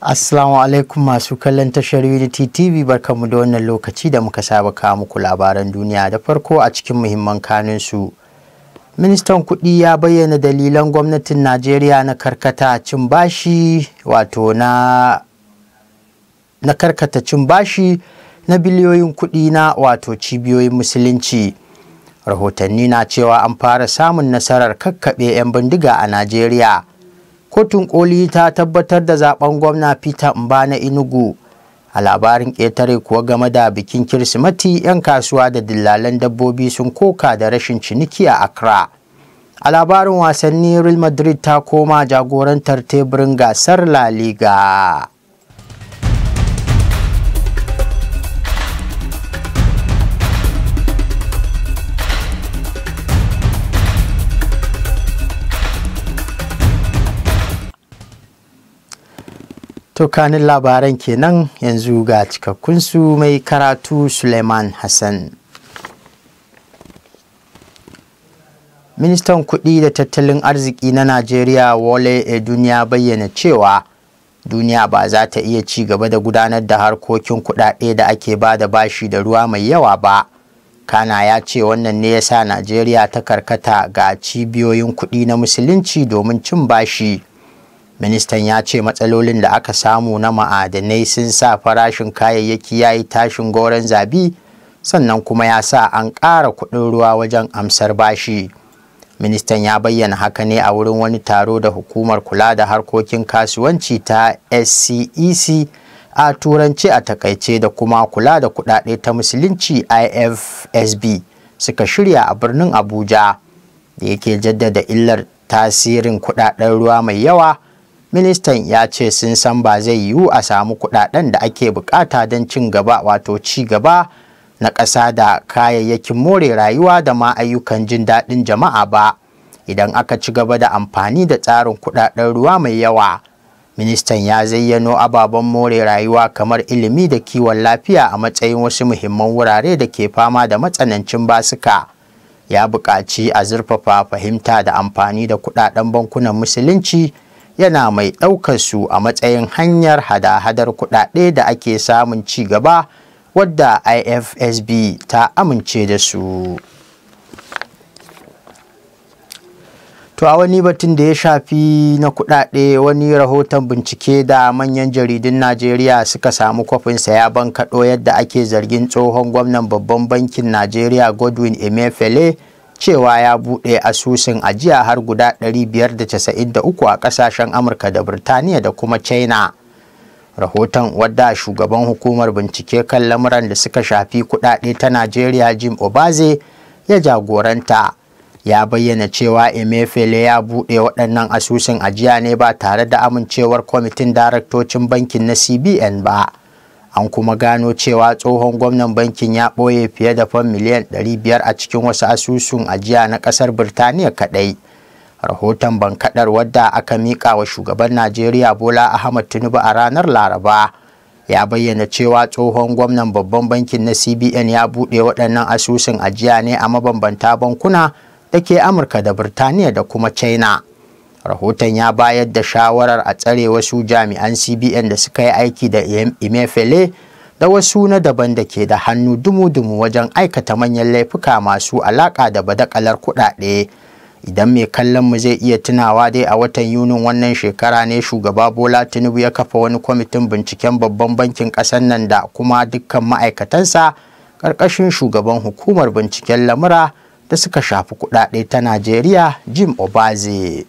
Assalamu alaikum masu kallon tashar Unity TV barkamu da wannan lokaci da muka saba kawo muku labaran duniya da farko a cikin muhimman kanun su. Ministan kuɗi ya bayyana dalilan gwamnatin Najeriya na karkata cin bashi wato na na karkata cin bashi na biliyoyin kuɗi na wato cibiyoyin musulunci. Rahotanni na cewa an fara samun nasarar kakkaɓe 'yan bindiga a Najeriya. kotun koli ta tabbatar da zaben gwamna peter mba na inugu a labarin ƙetare kuwa game da bikin kirsimati 'yan kasuwa da dillalan dabbobi sun koka da rashin ciniki a accra a labarin wasanni real madrid ta koma jagorantar teburin gasar la liga To kanin labaran kenan yanzu ga cikakkun su mai karatu Suleiman Hassan. Ministan kuɗi da tattalin arziki na Najeriya Wole duniya bayyana cewa duniya ba za ta iya ci gaba da gudanar da harkokin kuɗaɗe da ake ba da bashi da ruwa mai yawa ba. Kana ya ce wannan ne ya sa Najeriya ta karkata ga cibiyoyin kuɗi na Musulunci domin cin bashi. ministan ya ce matsalolin da aka samu na ma'adanai sun sa farashin kayayyaki ya yi tashin goron zabi sannan kuma ya sa an ƙara kuɗin ruwa wajen amsar bashi ministan ya bayyana haka ne a wurin wani taro da hukumar kula da harkokin kasuwanci ta scec e a turanci a takaice da kuma kula da kuɗaɗe ta musulunci ifsb suka shirya a birnin abuja da yake jaddada illar tasirin kuɗaɗen ruwa mai yawa ministan ya ce sun san ba zai yiwu a samu kudaden da ake bukata don cin gaba wato ci gaba na ƙasa da kayayyakin more rayuwa da ma ayyukan jin daɗin jama'a ba idan aka ci gaba da amfani da tsarin kudaden ruwa mai yawa ministan ya zayyano ababen more rayuwa kamar ilimi da kiwon lafiya a matsayin wasu muhimman wurare da ke fama da matsanancin basuka ya buƙaci a zurfafa fahimta da amfani da kudaden bankunan musulunci yana mai ɗaukar su a matsayin hanyar hada-hadar kuɗaɗe da ake samun ci gaba wadda ifsb ta amince da su to a wani batun da ya shafi na kuɗaɗe wani rahoton bincike da manyan jaridun najeriya suka samu kwafinsa ya bankaɗo yadda ake zargin tsohon gwamnan babban bankin najeriya godwin emefiele cewa ya buɗe asusun ajiya har guda 593 a ƙasashen amurka da birtaniya da kuma china rahoton wadda shugaban hukumar bincike kan lamuran da suka shafi kuɗaɗe ta najeriya jim obaze ya jagoranta ya bayyana cewa Emefele ya buɗe waɗannan asusun ajiya ne ba tare da amincewar kwamitin daraktocin bankin na cbn ba an kuma gano cewa tsohon gwamnan bankin ya ɓoye fiye da fan miliyan 500 a cikin wasu asusun ajiya na ƙasar birtaniya kaɗai rahoton bankaɗar wadda aka miƙa wa shugaban najeriya bola ahmad tinubu a ranar laraba ya bayyana cewa tsohon gwamnan babban bankin na cbn ya buɗe waɗannan asusun ajiya ne a mabambanta bankuna da ke amurka da birtaniya da kuma china rahoton ya bayar da shawarar a tsare wasu jami'an cbn da suka yi aiki da imefele da wasu na daban da ke da hannu dumu-dumu wajen aikata manyan laifuka masu alaƙa da badakalar kuɗaɗe idan mai kallon mu zai iya tunawa dai a watan yunin wannan shekara ne shugaba bola tinubu ya kafa wani kwamitin binciken babban bankin ƙasar nan da kuma dukkan ma'aikatansa ƙarƙashin shugaban hukumar binciken lamura da suka shafi kuɗaɗe ta najeriya jim obaze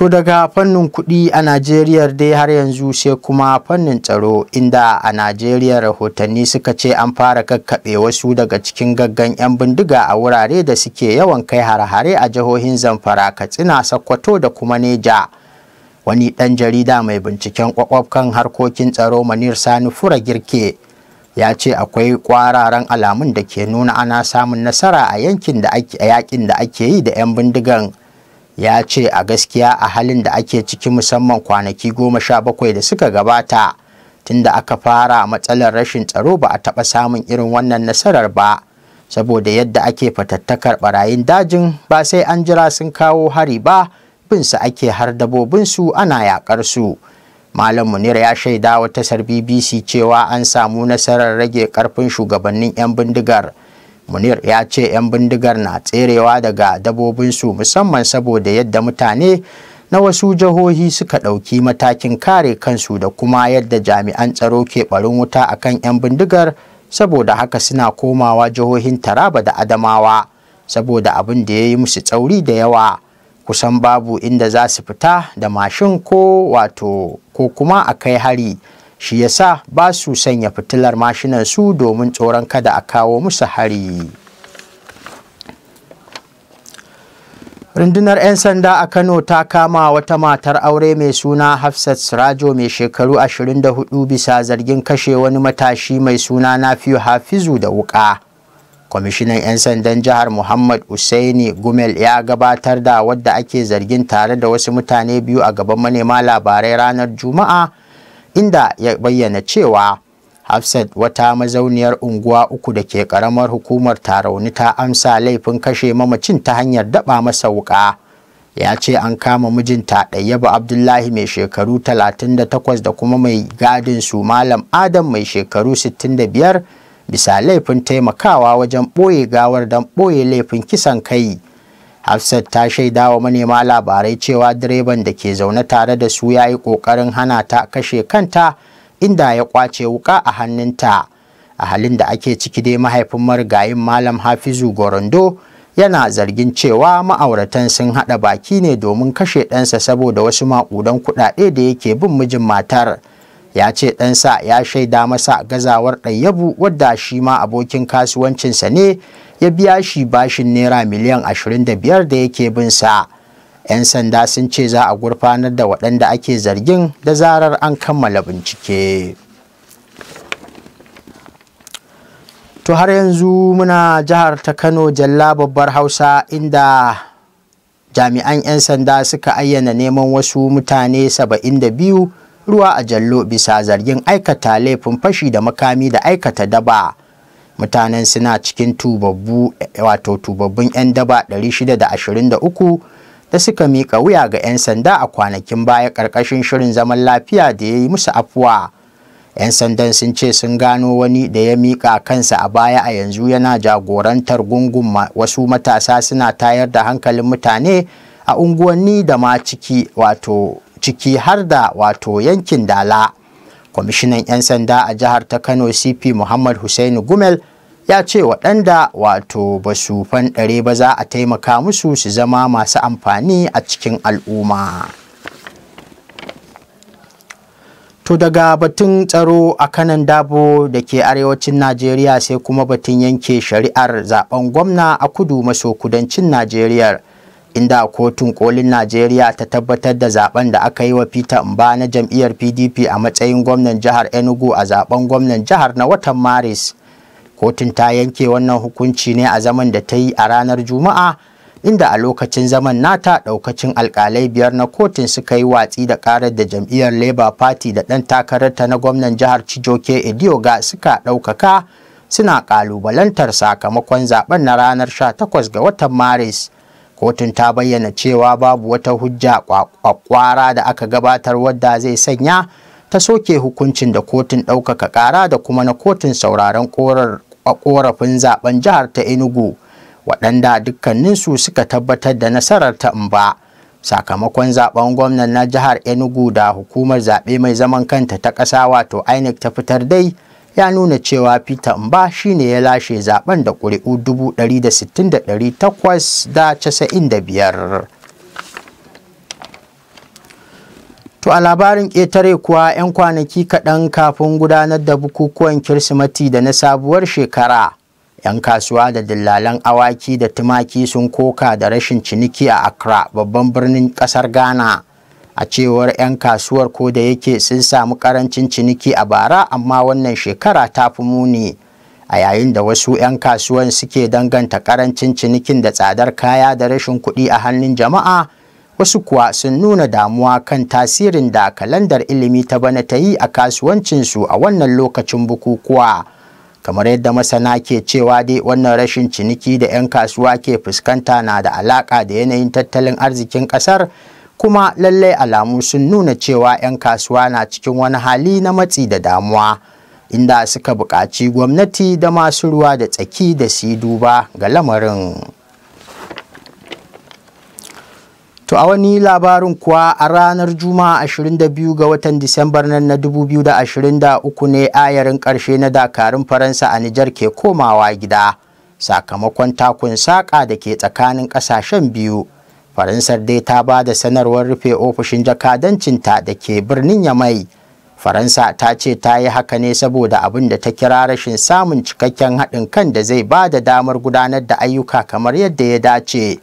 To daga fannin kuɗi a Najeriya dai har yanzu sai kuma fannin tsaro inda a Najeriya rahotanni suka ce an fara kakkaɓe wasu daga cikin gaggan 'yan bindiga a wurare da suke yawan kai har-hare a jihohin Zamfara, Katsina, Sokoto da kuma Neja. Wani ɗan jarida mai binciken kwakwaf harkokin tsaro Manir Sani Fura Girke ya ce akwai kwararan alamun da ke nuna ana samun nasara a yankin yakin da ake yi da 'yan bindigan ya ce a gaskiya a halin da ake ciki musamman kwanaki goma sha bakwai da suka gabata tunda aka fara matsalar rashin tsaro ba a taɓa samun irin wannan nasarar ba saboda yadda ake fatattakar barayin dajin ba sai an jira sun kawo hari ba bin su ake har dabobinsu ana yakar su malam munir ya shaida wata sar bbc cewa an samu nasarar rage karfin shugabannin 'yan bindigar munir ya ce 'yan bindigar na tserewa daga dabobinsu musamman saboda yadda mutane na wasu jihohi suka ɗauki matakin kare kansu da kuma yadda jami'an tsaro ke ɓarin wuta a kan 'yan bindigar saboda haka suna komawa jihohin taraba da adamawa saboda abin da ya yi musu tsauri da yawa kusan babu inda za su fita da mashin ko wato ko kuma a kai hari shi yasa ba su sanya fitilar mashinan su domin tsoron kada a kawo musu hari rundunar 'yan sanda a kano ta kama wata matar aure mai suna hafsat sirajo mai shekaru 24 bisa zargin kashe wani matashi mai suna na fiye hafizu da wuka kwamishinan 'yan sandan jihar muhammad usaini gumel ya gabatar da wadda ake zargin tare da wasu mutane biyu a gaban manema labarai ranar juma'a inda ya bayyana cewa Hafsat wata mazauniyar unguwa uku da ke karamar hukumar Tarauni ta amsa laifin kashe mamacin ta hanyar daba masa wuka. Ya ce an kama mijinta ɗayyaba Abdullahi mai shekaru 38 da kuma mai gadin su Malam Adam mai shekaru 65 bisa laifin taimakawa wajen ɓoye gawar don ɓoye laifin kisan kai. Hafsat ta shaida wa manema labarai cewa direban da ke zaune tare da su ya yi ƙoƙarin hana ta kashe kanta inda ya ƙwace wuƙa a hannunta. A halin da ake ciki dai mahaifin marigayin Malam Hafizu Gorondo yana zargin cewa ma'auratan sun haɗa baki ne domin kashe ɗansa saboda wasu maƙudan kuɗaɗe da yake bin mijin matar. ya ce ɗansa ya shaida masa gazawar ɗayyabu wadda shi ma abokin kasuwancinsa ne ya biya shi bashin naira miliyan 25 da yake bin sa 'yan sanda sun ce za a gurfanar da waɗanda ake zargin da zarar an kammala bincike to har yanzu muna jihar ta kano jalla babbar hausa inda jami'an 'yan sanda suka ayyana neman wasu mutane 72 ruwa a jallo bisa zargin aikata laifin fashi da makami da aikata daba mutanen suna cikin tubabbu eh, wato tubabbun 'yan daba 623 da suka mika wuya ga 'yan sanda a kwanakin baya ƙarƙashin shirin zaman lafiya da ya yi musu afuwa 'yan sandan sun ce sun gano wani da ya mika kansa a baya a yanzu yana jagorantar gungun wasu matasa suna tayar da hankalin mutane a unguwanni da ma ciki wato ciki har da wato yankin dala kwamishinan 'yan sanda a jihar ta kano cp muhammad Hussaini gumel ya ce waɗanda wato ba su fanɗare ba za a taimaka musu su zama masu amfani a cikin al'umma to daga batun tsaro a kanan dabo da ke arewacin najeriya sai kuma batun yanke shari'ar zaben gwamna a kudu maso kudancin najeriya inda kotun kolin najeriya ta tabbatar da zaben da aka yi wa peter mba na jam'iyyar pdp a matsayin gwamnan jihar enugu a zaben gwamnan jihar na watan maris kotun ta yanke wannan hukunci ne a zaman da ta yi a ranar juma'a inda a lokacin zaman nata daukacin alkalai biyar na kotun suka yi watsi da karar da jam'iyyar labour party da ɗan takararta na gwamnan jihar chijoke edioga suka ɗaukaka suna ƙalubalantar sakamakon zaben na ranar 18 ga watan maris kotun ta bayyana cewa babu wata hujja kwakwara da aka gabatar wadda zai sanya ta soke hukuncin da kotun ɗaukaka ƙara da kuma na kotun sauraron ƙorafin zaben jihar ta enugu waɗanda dukkaninsu suka tabbatar da nasarar ta in ba sakamakon zaben gwamnan na jihar enugu da hukumar zaɓe mai zaman kanta ta ƙasa wato inec ta fitar dai ya nuna cewa Peter Mba shine ya lashe zaben da ƙuri'u biyar. To a labarin ƙetare kuwa 'yan kwanaki kaɗan kafin gudanar da bukukuwan Kirsimati da na sabuwar shekara. 'Yan kasuwa da dillalan awaki da tumaki sun koka da rashin ciniki a Accra babban birnin ƙasar Ghana. a cewar 'yan kasuwar ko da yake sun samu karancin ciniki a bara amma wannan shekara ta fi muni a yayin da wasu 'yan kasuwar suke danganta karancin cinikin da tsadar kaya da rashin kuɗi a hannun jama'a wasu kuwa sun nuna damuwa kan tasirin da kalandar ilimi ta bana ta yi a kasuwancinsu a wannan lokacin bukukuwa kamar yadda masana ke cewa dai wannan rashin ciniki da 'yan kasuwa ke fuskanta na da alaƙa da yanayin tattalin arzikin ƙasar kuma lallai alamu sun nuna cewa 'yan kasuwa na cikin wani hali na matsi da damuwa inda suka buƙaci gwamnati da masu ruwa da tsaki da su duba ga lamarin. To a wani labarin kuwa a ranar Juma'a 22 ga watan Disambar nan na 2023 ne ayarin ƙarshe na dakarun Faransa a Nijar ke komawa gida sakamakon takun saƙa da ke tsakanin ƙasashen biyu. faransar dai ta ba da sanarwar rufe ofishin jakadancinta da ke birnin yamai faransa ta ce ta yi haka ne saboda abin da ta kira rashin samun cikakken haɗin kan da zai ba da damar gudanar da ayyuka kamar yadda ya dace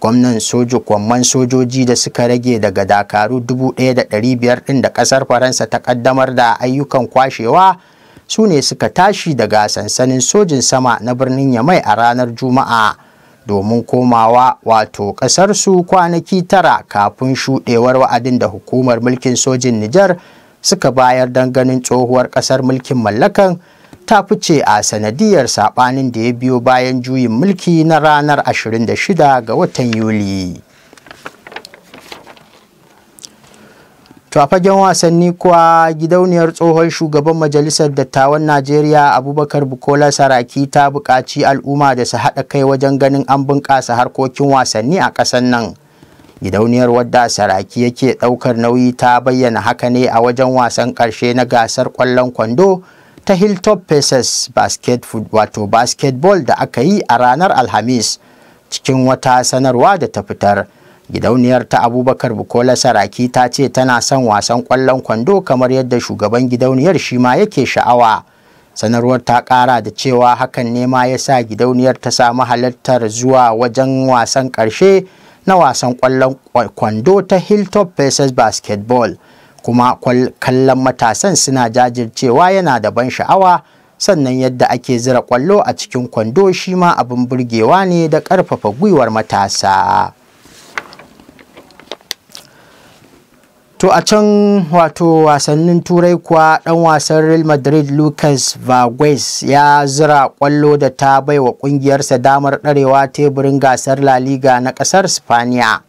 gwamnan soji kwamman sojoji da suka rage daga dakaru 1,500 ɗin da ƙasar faransa ta ƙaddamar da ayyukan kwashewa su ne suka tashi daga sansanin sojin sama na birnin yamai a ranar juma'a domin komawa wato ƙasarsu kwanaki tara kafin shuɗewar wa'adin da hukumar mulkin sojin Nijar suka bayar don ganin tsohuwar ƙasar mulkin mallakan ta fice a sanadiyar saɓanin da ya biyo bayan juyin mulki na ranar 26 ga watan Yuli. To a fagen wasanni kuwa gidauniyar tsohon shugaban majalisar dattawan Najeriya Abubakar Bukola Saraki ta buƙaci al'umma da su haɗa kai wajen ganin an bunƙasa harkokin wasanni a ƙasar nan. Gidauniyar wadda Saraki yake ɗaukar nauyi ta bayyana haka ne a wajen wasan ƙarshe na gasar ƙwallon kwando ta Hilltop Pacers basket wato basketball da aka yi a ranar Alhamis cikin wata sanarwa da ta fitar. gidauniyar ta abubakar bukola saraki ta ce tana son wasan kwallon kwando kamar yadda shugaban gidauniyar shi ma yake sha'awa sanarwar ta kara da cewa hakan ne ma ya sa gidauniyar ta samu halartar zuwa wajen wasan karshe na wasan kwallon kwando ta hilltop versus basketball kuma kallon matasan suna jajircewa yana da ban sha'awa sannan yadda ake zira kwallo a cikin kwando shi ma abin burgewa ne da ƙarfafa gwiwar matasa to a can wato wasannin turai kuwa ɗan wasan real madrid lucas vargas ya zira kwallo da ta bai wa ƙungiyarsa damar ɗarewa teburin gasar la liga na ƙasar spaniya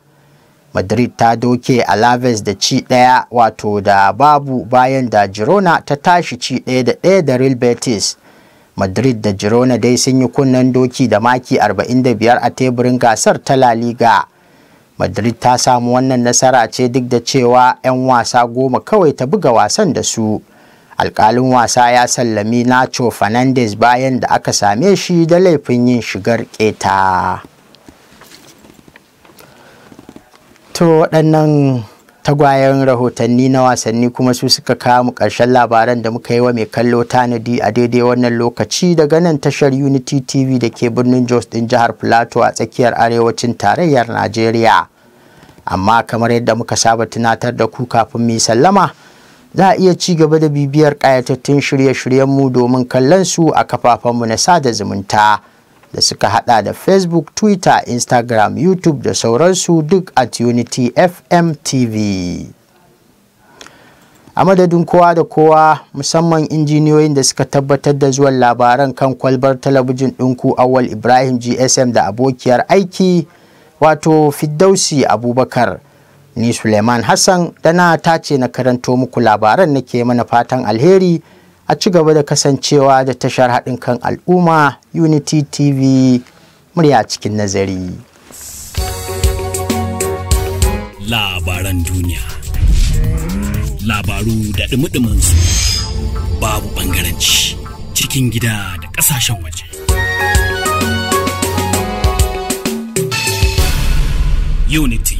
madrid ta doke alaves da ci ɗaya wato da babu bayan da girona ta tashi ci ɗaya da ɗaya da real betis madrid da girona dai sun yi kunnen doki da maki 45 a teburin gasar ta la liga madrid ta samu wannan nasara ce duk da cewa 'yan wasa goma kawai ta buga wasan da su alƙalin wasa ya sallami nacho Fernandez bayan da aka same shi da laifin yin shigar keta to waɗannan tagwayen rahotanni na wasanni kuma su suka kawo mu ƙarshen labaran da muka yi wa mai kallo tanadi a daidai wannan lokaci daga nan tashar unity tv da ke birnin jos din jihar plateau a tsakiyar arewacin tarayyar najeriya amma kamar yadda muka saba tunatar da ku kafin mu sallama za a iya ci gaba da bibiyar ƙayatattun shirye-shiryenmu domin kallon su a kafafenmu na sada zumunta. da suka hada da facebook twitter instagram youtube da sauransu duk at unity fm tv a madadin kowa da kowa musamman injiniyoyin da suka tabbatar da zuwan labaran kan kwalbar talabijin ɗinku awal ibrahim gsm da abokiyar aiki wato fiddausi abubakar ni suleiman hassan dana ta tace na karanto muku labaran nake mana fatan alheri a ci gaba da kasancewa da tashar haɗin kan al'umma unity tv murya cikin nazari labaran duniya labaru da ɗumi su babu ɓangaranci cikin gida da ƙasashen waje unity